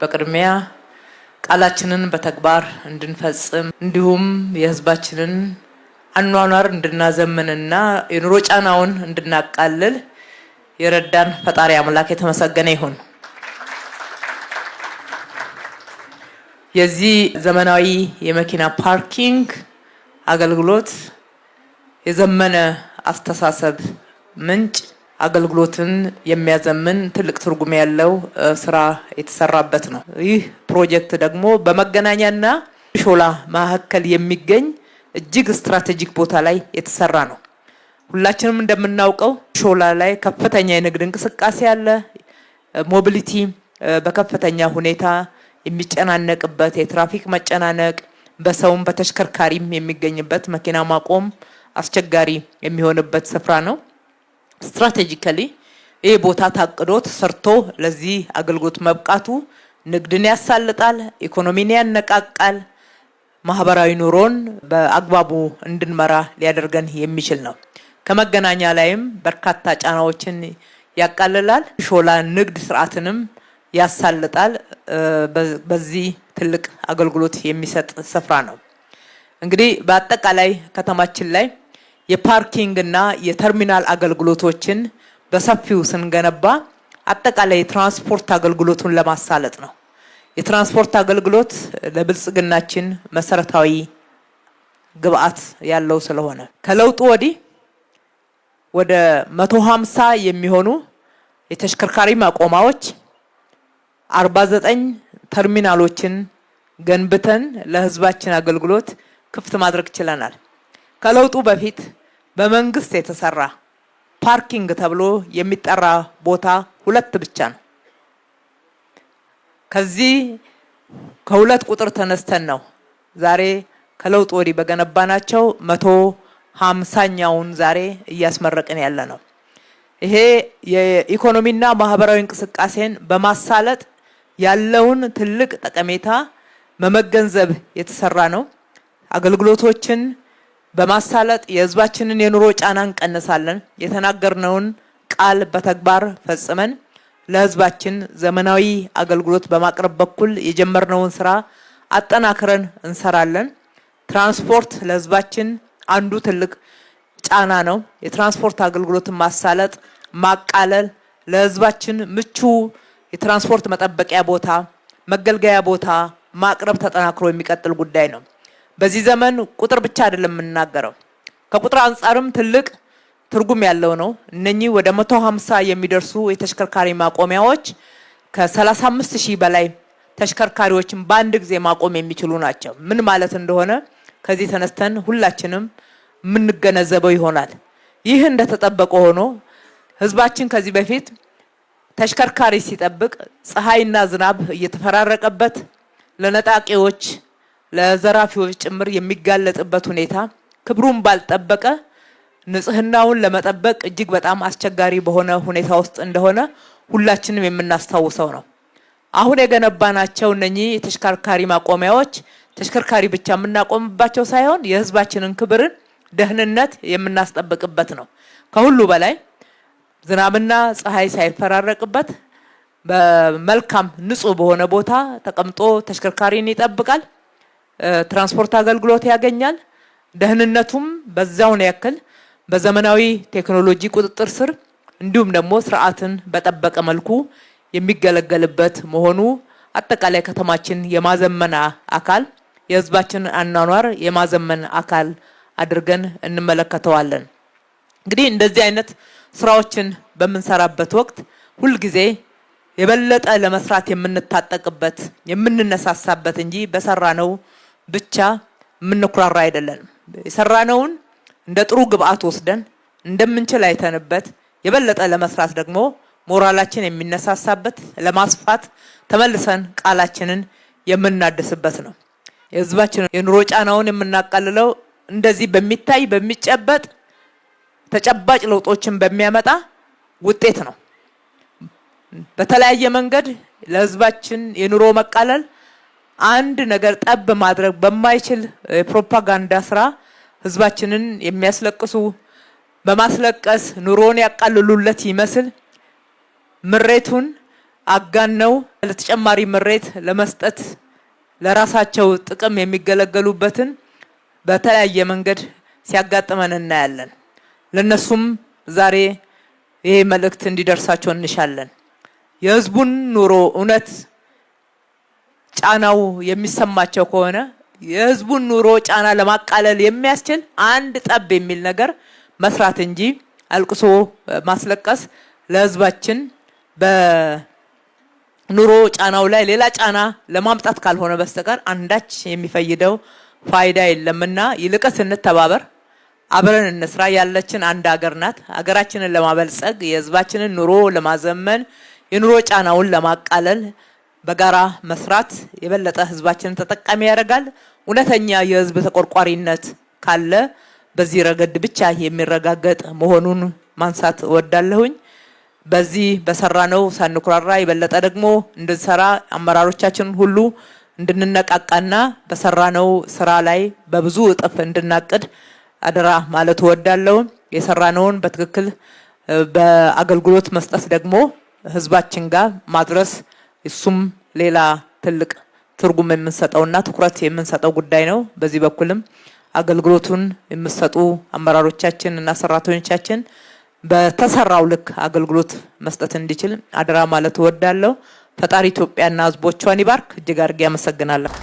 በቅድሚያ ቃላችንን በተግባር እንድንፈጽም እንዲሁም የሕዝባችንን አኗኗር እንድናዘምንና የኑሮ ጫናውን እንድናቃልል የረዳን ፈጣሪ አምላክ የተመሰገነ ይሁን። የዚህ ዘመናዊ የመኪና ፓርኪንግ አገልግሎት የዘመነ አስተሳሰብ ምንጭ አገልግሎትን የሚያዘምን ትልቅ ትርጉም ያለው ስራ የተሰራበት ነው። ይህ ፕሮጀክት ደግሞ በመገናኛና ሾላ መካከል የሚገኝ እጅግ ስትራቴጂክ ቦታ ላይ የተሰራ ነው። ሁላችንም እንደምናውቀው ሾላ ላይ ከፍተኛ የንግድ እንቅስቃሴ አለ። ሞቢሊቲ በከፍተኛ ሁኔታ የሚጨናነቅበት የትራፊክ መጨናነቅ በሰውም በተሽከርካሪም የሚገኝበት መኪና ማቆም አስቸጋሪ የሚሆንበት ስፍራ ነው። ስትራቴጂካሊ ይህ ቦታ ታቅዶ ተሰርቶ ለዚህ አገልግሎት መብቃቱ ንግድን ያሳልጣል፣ ኢኮኖሚን ያነቃቃል፣ ማህበራዊ ኑሮን በአግባቡ እንድንመራ ሊያደርገን የሚችል ነው። ከመገናኛ ላይም በርካታ ጫናዎችን ያቃልላል። ሾላ ንግድ ስርዓትንም ያሳልጣል። በዚህ ትልቅ አገልግሎት የሚሰጥ ስፍራ ነው። እንግዲህ በአጠቃላይ ከተማችን ላይ የፓርኪንግ እና የተርሚናል አገልግሎቶችን በሰፊው ስንገነባ አጠቃላይ የትራንስፖርት አገልግሎቱን ለማሳለጥ ነው። የትራንስፖርት አገልግሎት ለብልጽግናችን መሰረታዊ ግብአት ያለው ስለሆነ ከለውጡ ወዲህ ወደ መቶ ሀምሳ የሚሆኑ የተሽከርካሪ ማቆማዎች አርባ ዘጠኝ ተርሚናሎችን ገንብተን ለህዝባችን አገልግሎት ክፍት ማድረግ ችለናል። ከለውጡ በፊት በመንግስት የተሰራ ፓርኪንግ ተብሎ የሚጠራ ቦታ ሁለት ብቻ ነው። ከዚህ ከሁለት ቁጥር ተነስተን ነው ዛሬ ከለውጥ ወዲህ በገነባናቸው መቶ ሀምሳኛውን ዛሬ እያስመረቅን ያለ ነው። ይሄ የኢኮኖሚና ማህበራዊ እንቅስቃሴን በማሳለጥ ያለውን ትልቅ ጠቀሜታ መመገንዘብ የተሰራ ነው። አገልግሎቶችን በማሳለጥ የህዝባችንን የኑሮ ጫና እንቀንሳለን። የተናገርነውን ቃል በተግባር ፈጽመን ለህዝባችን ዘመናዊ አገልግሎት በማቅረብ በኩል የጀመርነውን ስራ አጠናክረን እንሰራለን። ትራንስፖርት ለህዝባችን አንዱ ትልቅ ጫና ነው። የትራንስፖርት አገልግሎትን ማሳለጥ፣ ማቃለል ለህዝባችን ምቹ የትራንስፖርት መጠበቂያ ቦታ፣ መገልገያ ቦታ ማቅረብ ተጠናክሮ የሚቀጥል ጉዳይ ነው። በዚህ ዘመን ቁጥር ብቻ አይደለም የምናገረው፣ ከቁጥር አንጻርም ትልቅ ትርጉም ያለው ነው። እነኚህ ወደ 150 የሚደርሱ የተሽከርካሪ ማቆሚያዎች ከ35 ሺህ በላይ ተሽከርካሪዎችን በአንድ ጊዜ ማቆም የሚችሉ ናቸው። ምን ማለት እንደሆነ ከዚህ ተነስተን ሁላችንም የምንገነዘበው ይሆናል። ይህ እንደተጠበቀ ሆኖ ህዝባችን ከዚህ በፊት ተሽከርካሪ ሲጠብቅ ፀሐይና ዝናብ እየተፈራረቀበት ለነጣቂዎች ለዘራፊዎች ጭምር የሚጋለጥበት ሁኔታ ክብሩን ባልጠበቀ ንጽህናውን ለመጠበቅ እጅግ በጣም አስቸጋሪ በሆነ ሁኔታ ውስጥ እንደሆነ ሁላችንም የምናስታውሰው ነው። አሁን የገነባናቸው እነኚህ የተሽከርካሪ ማቆሚያዎች ተሽከርካሪ ብቻ የምናቆምባቸው ሳይሆን የህዝባችንን ክብርን ደህንነት የምናስጠብቅበት ነው ከሁሉ በላይ ዝናብና ፀሐይ ሳይፈራረቅበት በመልካም ንጹህ በሆነ ቦታ ተቀምጦ ተሽከርካሪን ይጠብቃል። ትራንስፖርት አገልግሎት ያገኛል። ደህንነቱም በዛውን ያክል በዘመናዊ ቴክኖሎጂ ቁጥጥር ስር እንዲሁም ደግሞ ስርዓትን በጠበቀ መልኩ የሚገለገልበት መሆኑ አጠቃላይ ከተማችን የማዘመን አካል የህዝባችን አኗኗር የማዘመን አካል አድርገን እንመለከተዋለን። እንግዲህ እንደዚህ አይነት ስራዎችን በምንሰራበት ወቅት ሁልጊዜ የበለጠ ለመስራት የምንታጠቅበት የምንነሳሳበት እንጂ በሰራነው ብቻ የምንኩራራ አይደለንም። የሰራነውን እንደ ጥሩ ግብአት ወስደን እንደምንችል አይተንበት የበለጠ ለመስራት ደግሞ ሞራላችን የሚነሳሳበት ለማስፋት ተመልሰን ቃላችንን የምናድስበት ነው። የህዝባችን የኑሮ ጫናውን የምናቃልለው እንደዚህ በሚታይ በሚጨበጥ ተጨባጭ ለውጦችን በሚያመጣ ውጤት ነው። በተለያየ መንገድ ለህዝባችን የኑሮ መቃለል አንድ ነገር ጠብ ማድረግ በማይችል የፕሮፓጋንዳ ስራ ህዝባችንን የሚያስለቅሱ በማስለቀስ ኑሮን ያቃልሉለት ይመስል ምሬቱን አጋነው ለተጨማሪ ምሬት ለመስጠት ለራሳቸው ጥቅም የሚገለገሉበትን በተለያየ መንገድ ሲያጋጥመን እናያለን። ለነሱም ዛሬ ይሄ መልእክት እንዲደርሳቸው እንሻለን። የህዝቡን ኑሮ እውነት ጫናው የሚሰማቸው ከሆነ የህዝቡን ኑሮ ጫና ለማቃለል የሚያስችል አንድ ጠብ የሚል ነገር መስራት እንጂ አልቅሶ ማስለቀስ ለህዝባችን በኑሮ ጫናው ላይ ሌላ ጫና ለማምጣት ካልሆነ በስተቀር አንዳች የሚፈይደው ፋይዳ የለምና ይልቅስ እንተባበር። አብረን እንስራ ያለችን አንድ ሀገር ናት። ሀገራችንን ለማበልጸግ የህዝባችንን ኑሮ ለማዘመን የኑሮ ጫናውን ለማቃለል በጋራ መስራት የበለጠ ህዝባችንን ተጠቃሚ ያደርጋል። እውነተኛ የህዝብ ተቆርቋሪነት ካለ በዚህ ረገድ ብቻ የሚረጋገጥ መሆኑን ማንሳት እወዳለሁኝ። በዚህ በሰራነው ሳንኩራራ የበለጠ ደግሞ እንድንሰራ አመራሮቻችን ሁሉ እንድንነቃቃና በሰራነው ስራ ላይ በብዙ እጥፍ እንድናቅድ አደራ ማለት እወዳለሁ። የሰራነውን በትክክል በአገልግሎት መስጠት ደግሞ ህዝባችን ጋር ማድረስ እሱም ሌላ ትልቅ ትርጉም የምንሰጠውና ትኩረት የምንሰጠው ጉዳይ ነው። በዚህ በኩልም አገልግሎቱን የምሰጡ አመራሮቻችን እና ሰራተኞቻችን በተሰራው ልክ አገልግሎት መስጠት እንዲችል አደራ ማለት እወዳለሁ። ፈጣሪ ኢትዮጵያና ህዝቦቿን ይባርክ። እጅግ አድርጌ አመሰግናለሁ።